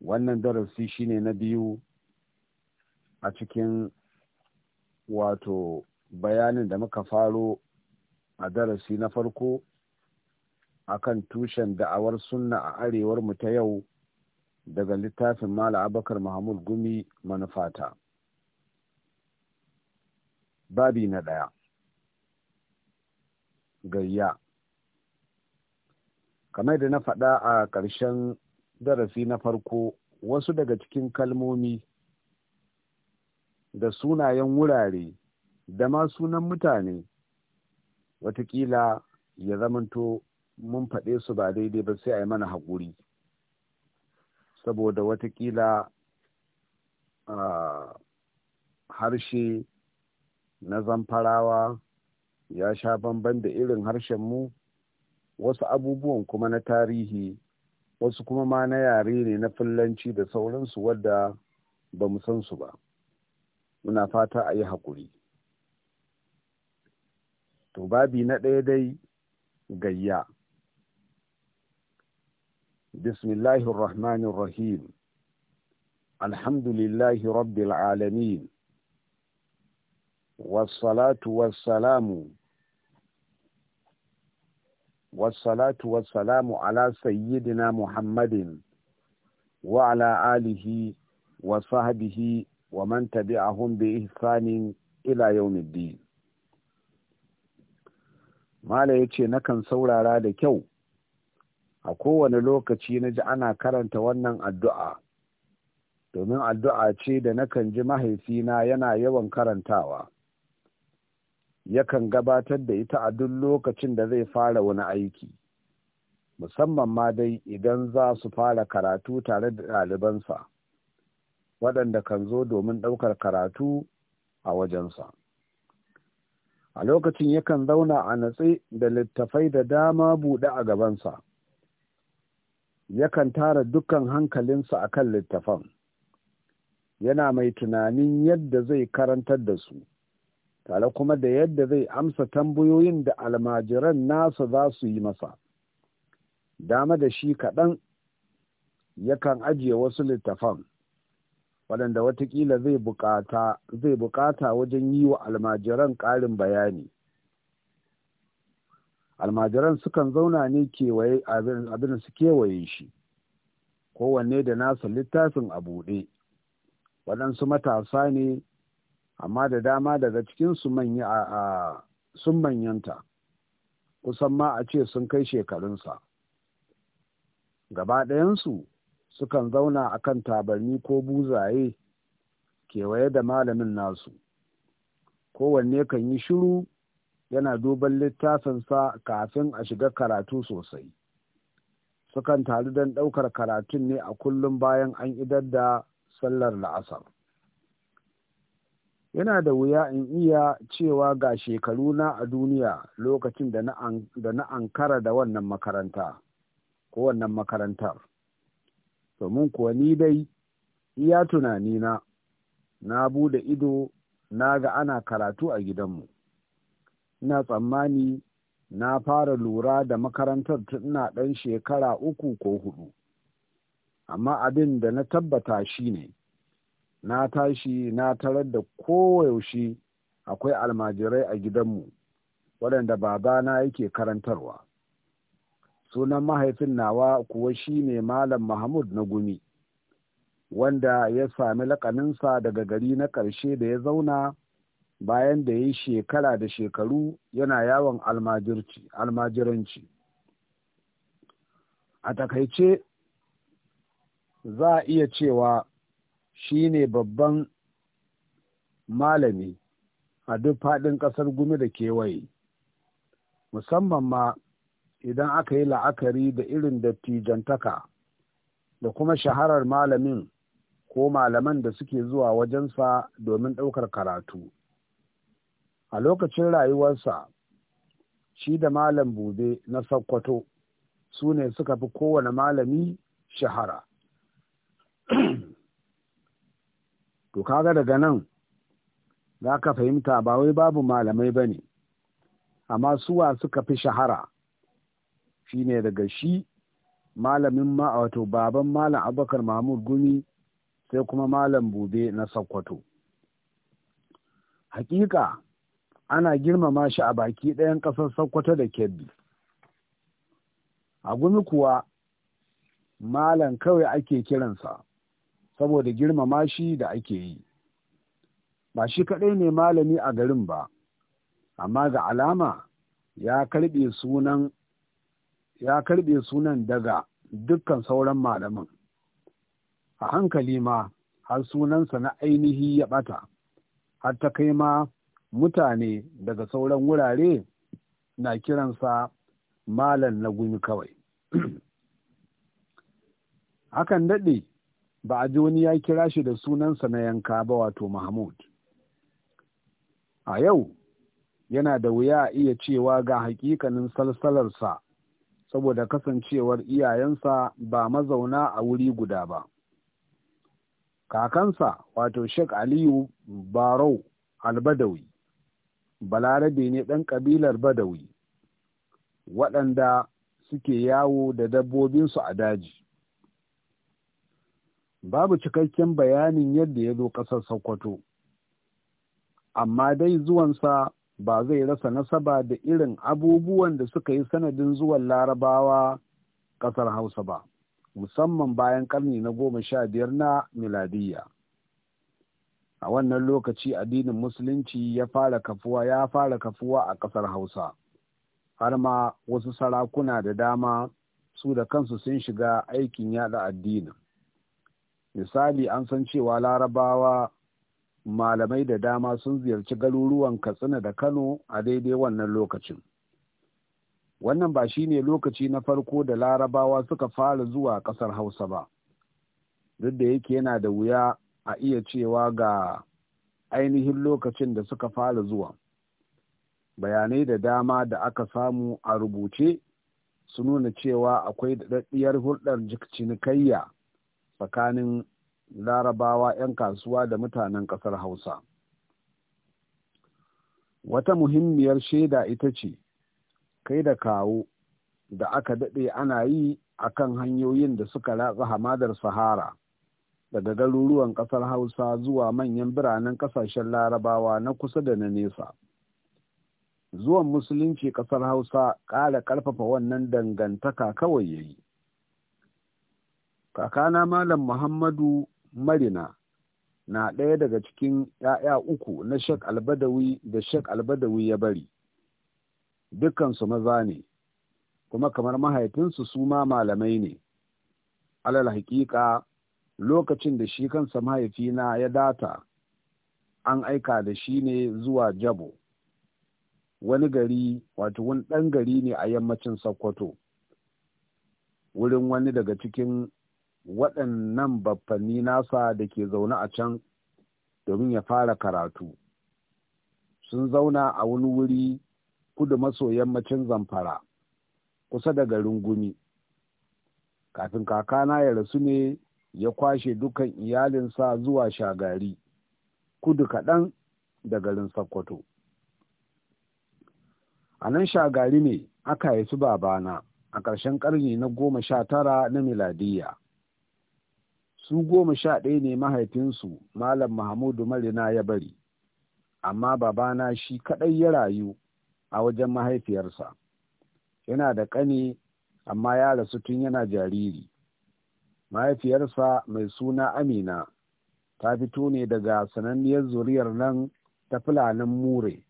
wannan darasi shine na biyu a cikin wato bayanin da muka faro a darasi na farko akan tushen da'awar sunna a arewar mu ta yau daga littafin mala abakar mahmud gumi manufata babi na ɗaya gayya kamar da na faɗa a ƙarshen darasi na farko wasu daga cikin kalmomi da sunayen wurare da ma sunan mutane watakila ya zamanto mun faɗe su ba daidai ba sai a yi mana haƙuri saboda watakila harshe na zamfarawa ya sha bamban da irin harshen mu wasu abubuwan kuma na tarihi wasu kuma ma na yare ne na fillanci da sauransu wadda ba mu san su ba muna fata a yi haƙuri to babi na ɗaya dai gayya bismillahir rahmanir rahim alhamdulillahi rabbil alamin wasu salamu. wassalatu wassalamu ala sayyidina muhammadin wa ala alihi wa sahbihi wa man tabi'ahum bi ihsanin ila yawmiddin mala yace nakan saurara da kyau a kowane lokaci na ji ana karanta wannan addu'a domin addu'a ce da nakan ji mahaifina yana yawan karantawa yakan gabatar da ita a duk lokacin da zai fara wani aiki musamman ma dai idan za su fara karatu tare da ɗalibansa waɗanda kan zo domin ɗaukar karatu a wajensa a lokacin yakan zauna a natse da littafai da dama buɗe a gabansa yakan tara dukkan hankalinsa a kan littafan yana mai tunanin yadda zai karantar da su tare kuma da yadda zai amsa tambayoyin da almajiran nasa za su yi masa dama da shi kaɗan yakan ajiye wasu littafan waɗanda watakila zai bukata wajen yi wa almajiran ƙarin bayani almajiran sukan zauna ne kewaye abin su kewaye shi kowanne da nasa littafin a buɗe waɗansu matasa ne amma da dama daga cikin su manya a sun manyanta kusan ma a ce sun kai shekarunsa gaba ɗayansu sukan zauna a kan tabarni ko buzaye kewaye da malamin nasu kowanne kan yi shiru yana duban littafinsa kafin a shiga karatu sosai sukan taru don ɗaukar karatun ne a kullum bayan an idar da sallar la'asar yana da wuya in iya cewa ga shekaru na a duniya lokacin da na ankara da wannan makaranta ko wannan makarantar domin kuwa ni dai iya tunani na Na bude ido na ga ana karatu a gidanmu ina tsammani na fara lura da makarantar tun ina ɗan shekara uku ko hudu amma abin da na tabbata shine na tashi na tarar da koyaushe akwai almajirai a gidanmu waɗanda babana yake karantarwa sunan mahaifin nawa kuwa shine malam mahmud na gumi wanda ya sami laƙaninsa daga gari na ƙarshe da ya zauna bayan da ya yi shekara da shekaru yana yawon almajiranci a takaice za a iya cewa shine babban malami a duk faɗin ƙasar gumi da kewaye musamman ma idan aka yi la'akari da irin dattijantaka da kuma shaharar malamin ko malaman da suke zuwa wajensa domin ɗaukar karatu a lokacin rayuwarsa shi da malam bube na sakkwato su ne suka fi kowane malami shahara to kaga daga nan za ka fahimta ba wai babu malamai ba ne amma suwa suka fi shahara shine daga shi malamin ma wato baban malam abubakar mahmud gumi sai kuma malam bube na sokoto hakika ana girmama shi a baki ɗayan ƙasar sokoto da kebbi a gumi kuwa malam kawai ake kiransa saboda girmama shi da ake yi ba shi kaɗai ne malami a garin ba amma ga alama ya karɓe sunan daga dukkan sauran malamin a hankali ma har sunansa na ainihi ya ɓata har ta kai ma mutane daga sauran wurare na kiransa malam na gumi kawai hakan daɗe ba a ji wani ya kira shi da sunansa na yanka ba wato mahmud a yau yana da wuya a iya cewa ga hakikanin salsalarsa saboda kasancewar iyayensa ba mazauna a wuri guda ba kakansa wato sheik aliyu barau albadawi balarabe ne ɗan ƙabilar badawi waɗanda suke yawo da dabbobinsu a daji babu cikakken bayanin yadda ya zo ƙasar Sokoto. Amma dai zuwansa ba zai rasa nasaba da irin abubuwan da suka yi sanadin zuwan larabawa ƙasar Hausa ba, musamman bayan ƙarni na goma sha biyar na miladiyya. A wannan lokaci addinin Musulunci ya fara kafuwa ya fara kafuwa a ƙasar Hausa, har ma wasu sarakuna da dama su da kansu sun shiga aikin yada addinin. misali an san cewa larabawa malamai da dama sun ziyarci garuruwan katsina da kano a daidai wannan lokacin wannan ba shi ne lokaci na farko da larabawa suka fara zuwa ƙasar hausa ba duk da yake yana da wuya a iya cewa ga ainihin lokacin da suka fara zuwa bayanai da dama da aka samu a rubuce su nuna cewa akwai daɗaɗɗiyar hulɗar cinikayya tsakanin larabawa 'yan kasuwa da mutanen ƙasar hausa wata muhimmiyar shaida ita ce kai da kawo da aka daɗe ana yi a kan hanyoyin da suka ratsa hamadar sahara daga garuruwan ƙasar hausa zuwa manyan biranen ƙasashen larabawa na kusa da na nesa zuwan musulunci ƙasar hausa ƙara ƙarfafa wannan dangantaka kawai ya yi kakana malam muhammadu marina na ɗaya daga cikin ‘ya'ya uku na shek albadawi da shek albadawi ya bari dukansu maza ne kuma kamar mahaifinsu su ma malamai ne alal hakika lokacin da shi kansa mahaifina ya data an aika da shi ne zuwa jabo wani gari wato wani ɗan gari ne a yammacin sokoto wurin wani daga cikin waɗannan baffanni nasa da ke zaune a can domin ya fara karatu sun zauna a wani wuri kudu maso yammacin zamfara kusa da garin gumi kafin kakana ya rasu ne ya kwashe dukan iyalinsa zuwa shagari kudu kaɗan da garin Sokoto. A nan shagari ne aka haifi babana a ƙarshen ƙarni na goma sha tara na miladiyya. su goma sha ɗaya ne mahaifinsu malam mahamudu marina ya bari amma babana shi kaɗai ya rayu a wajen mahaifiyarsa yana da ƙani, amma ya rasu tun yana jariri mahaifiyarsa mai suna amina ta fito ne daga sananniyar zuriyar nan ta fulanin mure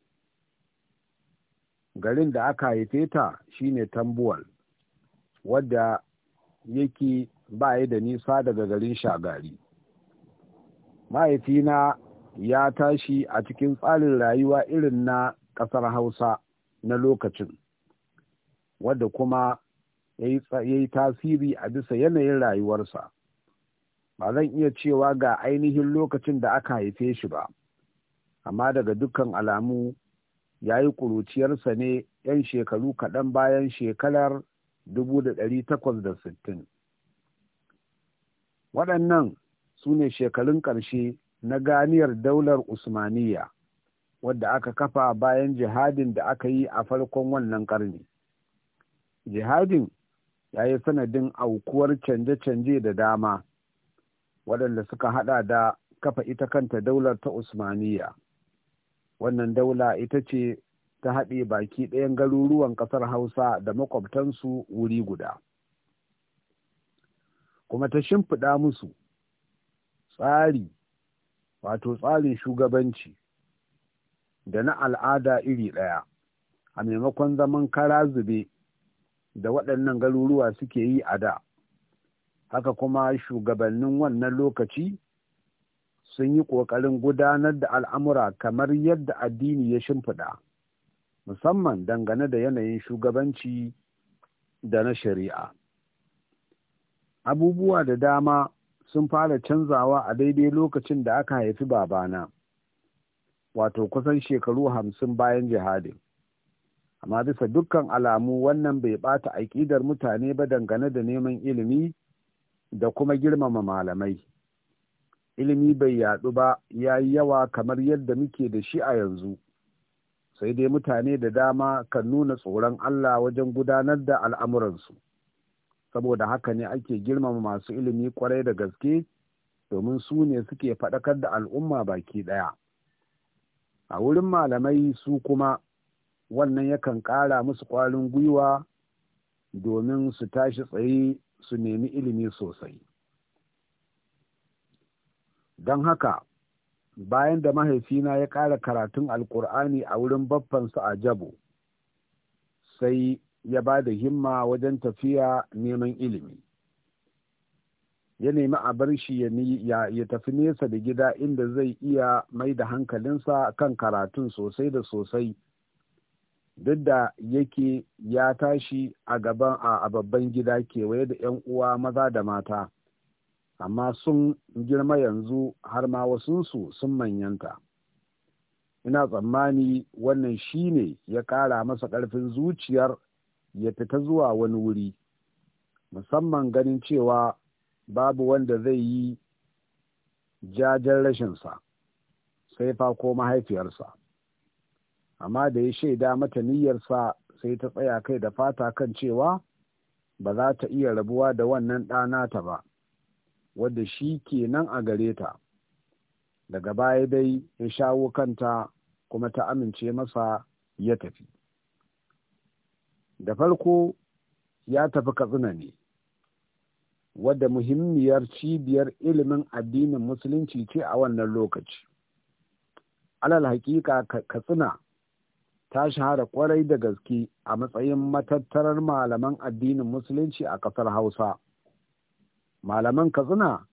garin da aka haife ta shine tambuwal wadda yake ba yi da nisa daga garin shagari mahaifina ya tashi a cikin tsarin rayuwa irin na ƙasar hausa na lokacin wadda kuma ya yi tasiri a bisa yanayin rayuwarsa ba zan iya cewa ga ainihin lokacin da aka haife shi ba amma daga dukkan alamu ya yi ƙuruciyarsa ne 'yan shekaru kaɗan bayan shekarar 1860 waɗannan su ne shekarun ƙarshe na ganiyar daular Usmaniyya, wadda aka kafa bayan jihadin da aka yi a farkon wannan ƙarni jihadin ya yi sanadin aukuwar canje-canje da dama waɗanda suka haɗa da kafa ita kanta daular ta Usmaniyya, wannan daula ita ce ta haɗe baki ɗayan garuruwan ƙasar hausa da maƙwabtansu wuri guda kuma ta shimfiɗa musu tsari wato tsarin shugabanci da na al'ada iri ɗaya a maimakon zaman kara zube da waɗannan garuruwa suke yi a da haka kuma shugabannin wannan lokaci sun yi ƙoƙarin gudanar da al'amura kamar yadda addini ya shimfiɗa musamman dangane da yanayin shugabanci da na shari'a abubuwa da dama sun fara canzawa a daidai lokacin da aka haifi babana wato kusan shekaru hamsin bayan jihadin amma bisa dukkan alamu wannan bai ɓata aƙidar mutane ba dangane da neman ilimi da kuma girmama malamai ilimi bai yaɗu ba ya yi yawa kamar yadda muke da shi a yanzu sai dai mutane da dama kan nuna tsoron Allah wajen gudanar da al'amuransu. saboda haka ne ake girmama masu ilimi kwarai da gaske domin su ne suke faɗakar da al'umma baki ɗaya a wurin malamai su kuma wannan yakan ƙara musu ƙwarin gwiwa domin su tashi tsaye su nemi ilimi sosai don haka bayan da mahaifina ya ƙara karatun Alƙur'ani a wurin baffansa a jabo sai ya ba da himma wajen tafiya neman ilimi ya nemi a bar shi ya tafi nesa da gida inda zai iya mai da hankalinsa kan karatun sosai da sosai duk da yake ya tashi a gaban a babban gida kewaye da 'yan uwa maza da mata amma sun girma yanzu har ma wasunsu sun manyanta ina tsammani wannan shi ne ya ƙara masa ƙarfin zuciyar ya fita zuwa wani wuri musamman ganin cewa babu wanda zai yi jajen rashinsa sai fa ko mahaifiyarsa amma da ya shaida mata niyyarsa sai ta tsaya kai da fata kan cewa ba za ta iya rabuwa da wannan ɗana ta ba wadda shi ke nan a gare ta daga baya dai ya shawo kanta kuma ta amince masa ya tafi da farko ya tafi katsina ne wadda muhimmiyar cibiyar ilimin addinin musulunci ce a wannan lokaci alal hakika katsina ta shahara kwarai da gaske a matsayin matattarar malaman addinin musulunci a ƙasar hausa malaman katsina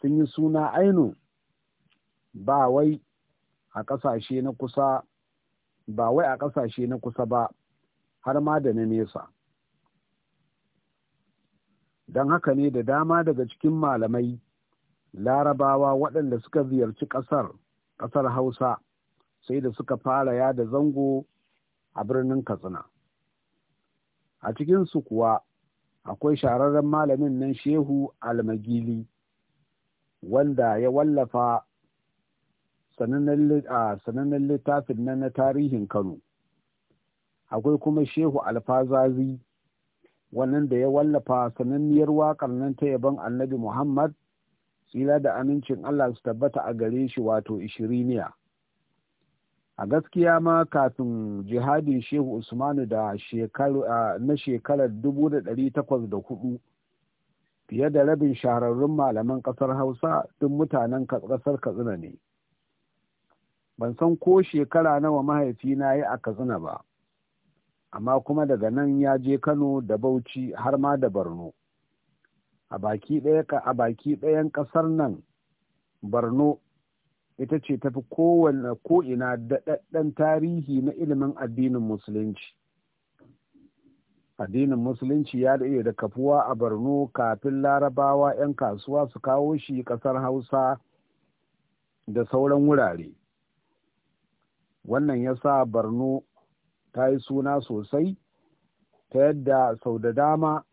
sun yi suna ainu ba wai a ƙasashe na kusa ba wai a ƙasashe na kusa ba har ma da na nesa don haka ne da dama daga cikin malamai larabawa waɗanda suka ziyarci ƙasar ƙasar hausa sai da suka fara yada zango a birnin katsina a cikinsu kuwa akwai shararren malamin nan shehu almagili wanda ya wallafa sanannen littafin nan na tarihin kano akwai kuma shehu alfazazi wannan da ya wallafa sananniyar waƙar nan ta yabon annabi muhammad tsira da amincin allah su tabbata a gare shi wato ishiriniya a gaskiya ma kafin jihadin shehu usmanu da shekaru na shekarar da takwas 1804 fiye da rabin shahararrun malaman ƙasar hausa duk mutanen ƙasar katsina ne ban san ko shekara nawa mahaifina ya yi a katsina ba amma kuma daga nan ya je kano da bauchi har ma da borno a baki ɗayan ƙasar nan borno ita ce tafi kowane ko'ina daɗaɗɗen tarihi na ilimin addinin musulunci addinin musulunci ya daɗe da kafuwa a borno kafin larabawa 'yan kasuwa su kawo shi ƙasar hausa da sauran wurare wannan ya sa borno ta yi suna sosai ta yadda sau da dama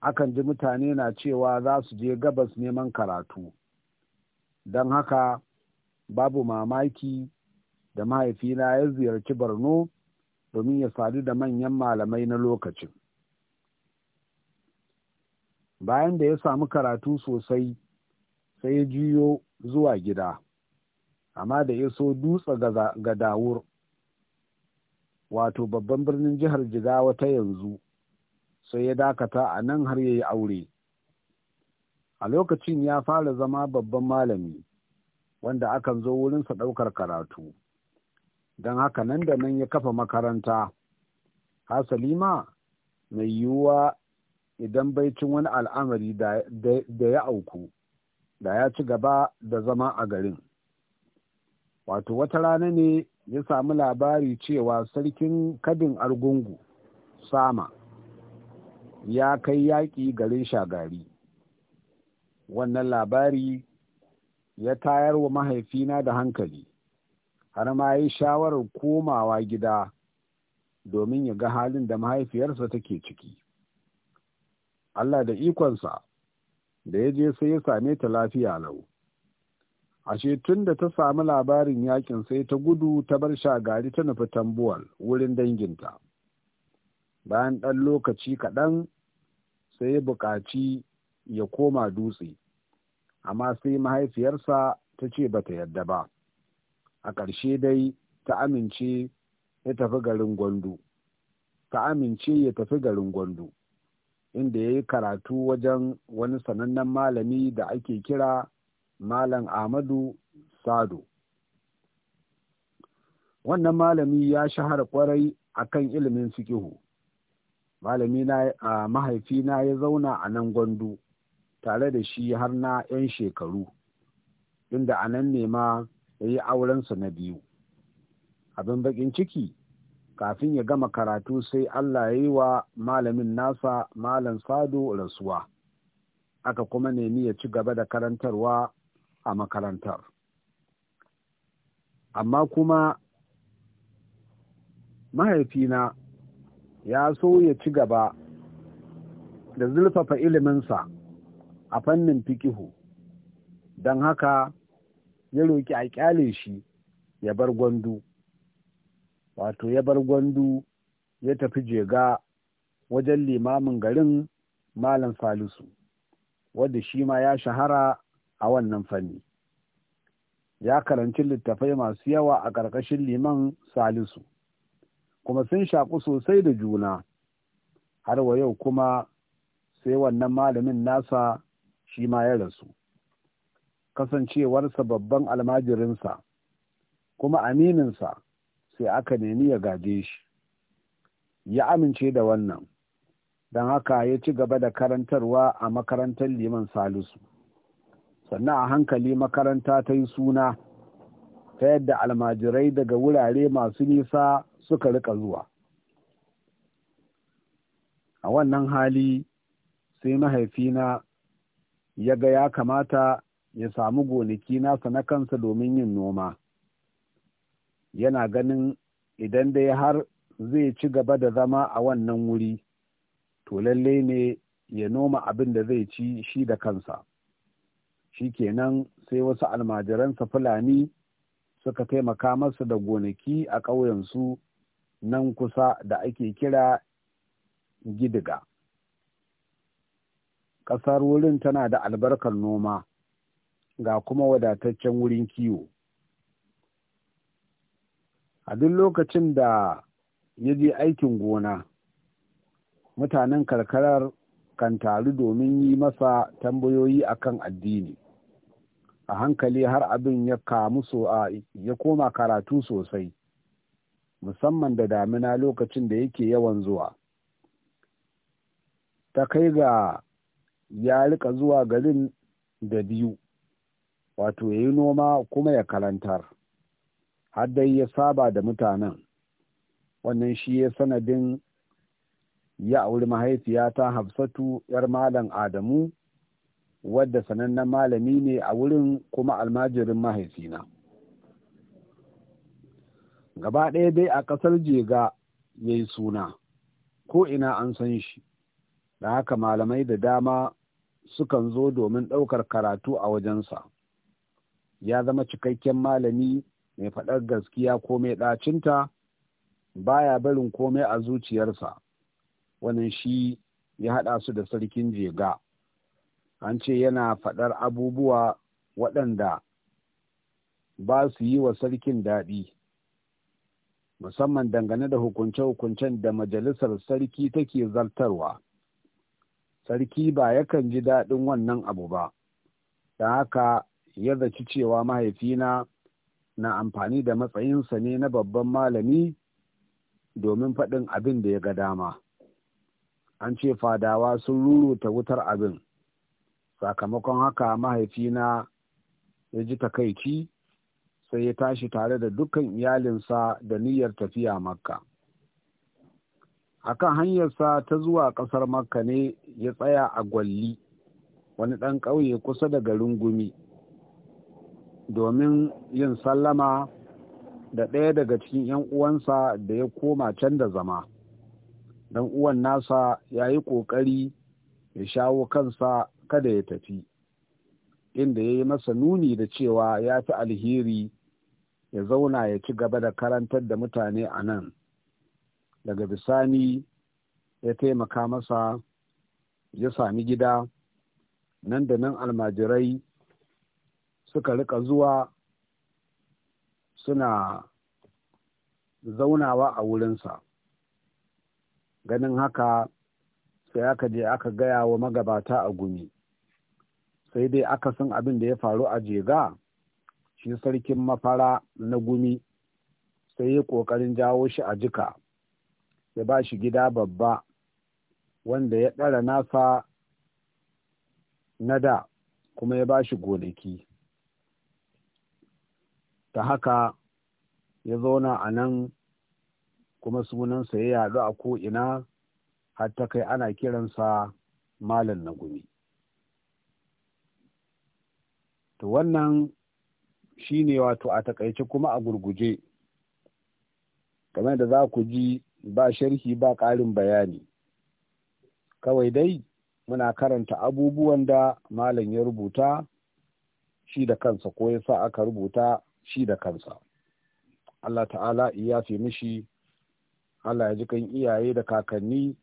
akan ji mutane na cewa za su je gabas neman karatu don haka babu mamaki da mahaifina ya ziyarci borno domin ya sadu da manyan malamai na lokacin bayan da ya samu karatu sosai sai ya juyo zuwa gida amma da ya so dutse ga dawur wato babban birnin jihar jigawa ta yanzu sai ya dakata a nan har ya yi aure a lokacin ya fara zama babban malami wanda akan zo wurinsa ɗaukar karatu don haka nan da nan ya kafa makaranta hasali ma mai yiwuwa idan baicin wani al'amari da ya auku da ya ci gaba da zama a garin wato wata rana ne ya sami labari cewa sarkin kabin argungu sama ya kai yaƙi garin shagari wannan labari ya tayar wa mahaifina da hankali har ma yi shawarar komawa gida domin ya ga halin da mahaifiyarsa take ciki Allah da ikonsa da ya je sai ya same ta lafiya lau ashe tun da ta sami labarin yakin sai ta gudu ta bar shagari ta nufi tambuwal wurin danginta bayan ɗan lokaci kaɗan sai ya buƙaci ya koma dutse amma sai mahaifiyarsa ta ce ba ta yadda ba a ƙarshe dai ta amince ya tafi garin gwandu ta amince ya tafi garin gwandu inda ya yi karatu wajen wani sanannen malami da ake kira malam ahmadu sado wannan malami ya shahara kwarai a kan ilimin fikihu malami na mahaifina ya zauna a nan gwandu tare da shi har na 'yan shekaru inda a nan ne ma ya yi aurensa na biyu abin bakin ciki kafin ya gama karatu sai allah ya yi wa malamin nasa malam sado rasuwa aka kuma nemi ya ci gaba da karantarwa a makarantar amma kuma mahaifina ya so ya ci gaba da zulfafa iliminsa a fannin fikihu don haka ya roƙi a ƙyale shi ya bar gwandu wato ya bar gwandu ya tafi jega wajen limamin garin malam salisu wadda shi ma ya shahara a wannan fanni ya karanci littafai masu yawa a ƙarƙashin liman salisu kuma sun shaƙu sosai da juna har wa yau kuma sai wannan malamin nasa shi ma ya rasu kasancewarsa babban almajirinsa kuma amininsa sai aka nemi ya gaje shi ya amince da wannan don haka ya ci gaba da karantarwa a makarantar liman salisu sannan a hankali makaranta ta yi suna ta yadda almajirai daga wurare masu nisa suka rika zuwa a wannan hali sai mahaifina ya ga ya kamata ya samu gonaki nasa na kansa domin yin noma yana ganin idan dai har zai ci gaba da zama a wannan wuri to lallai ne ya noma abin da zai ci shi da kansa shikenan sai wasu almajiransa fulani suka taimaka masa da gonaki a ƙauyensu nan kusa da ake kira gidiga ƙasar wurin tana da albarkar noma ga kuma wadataccen wurin kiwo a duk lokacin da ya je aikin gona mutanen karkarar kan taru domin yi masa tambayoyi akan addini a hankali har abin ya kamu so ya koma karatu sosai musamman da damina lokacin da yake yawan zuwa ta kai ga ya rika zuwa garin da biyu wato ya yi noma kuma ya karantar har dai ya saba da mutanen wannan shi ya sanadin ya auri mahaifiyata hafsatu yar malam adamu wadda sanannen malami ne a wurin kuma almajirin mahaifina gaba ɗaya dai a ƙasar jega ya yi suna ko ina an san shi da haka malamai da dama sukan zo domin ɗaukar karatu a wajensa ya zama cikakken malami mai faɗar gaskiya ko mai ɗacinta baya barin komai a zuciyarsa wannan shi ya haɗa su da sarkin jega an ce yana faɗar abubuwa waɗanda ba su yi wa sarkin daɗi musamman dangane da hukunce-hukuncen da majalisar sarki take zartarwa sarki ba yakan ji daɗin wannan abu ba da haka ya zaci cewa mahaifina na amfani da matsayinsa ne na babban malami domin faɗin abin da ya ga dama an ce fadawa sun ruruta wutar abin sakamakon haka mahaifina ya ji takaici sai ya tashi tare da dukkan iyalinsa da niyyar tafiya makka akan hanyarsa ta zuwa ƙasar makka ne ya tsaya a gwalli wani ɗan ƙauye kusa da garin gumi domin yin sallama da ɗaya daga cikin 'yan uwansa da ya koma can da zama dan uwan nasa ya yi ƙoƙari ya shawo kansa kada ya tafi inda ya yi masa nuni da cewa ya fi alheri ya zauna ya ci gaba da karantar da mutane a nan daga bisani ya taimaka masa ya sami gida nan da nan almajirai suka rika zuwa suna zaunawa a wurinsa ganin haka sai aka je aka gaya wa magabata a gumi sai dai aka san abin da ya faru a jega shi sarkin mafara na gumi sai ya ƙoƙarin jawo shi a jika ya ba shi gida babba wanda ya ɗara nasa na da kuma ya ba shi gonaki ta haka ya zauna a nan kuma sunansa ya yadu a ko'ina har ta kai ana kiransa malam na gumi to wannan shine wato a takaice kuma a gurguje game da za ku ji ba sharhi ba ƙarin bayani kawai dai muna karanta abubuwan da malam ya rubuta shi da kansa ko ya sa aka rubuta shi da kansa Allah ta'ala iya fi mishi Allah ya ji kan iyaye da kakanni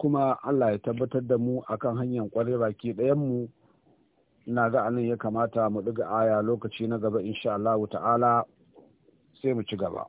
kuma Allah ya tabbatar da mu akan hanyar kwarai baki ɗayan mu na ga anan ya kamata mu ɗiga aya lokaci na gaba insha Allah ta'ala sai mu ci gaba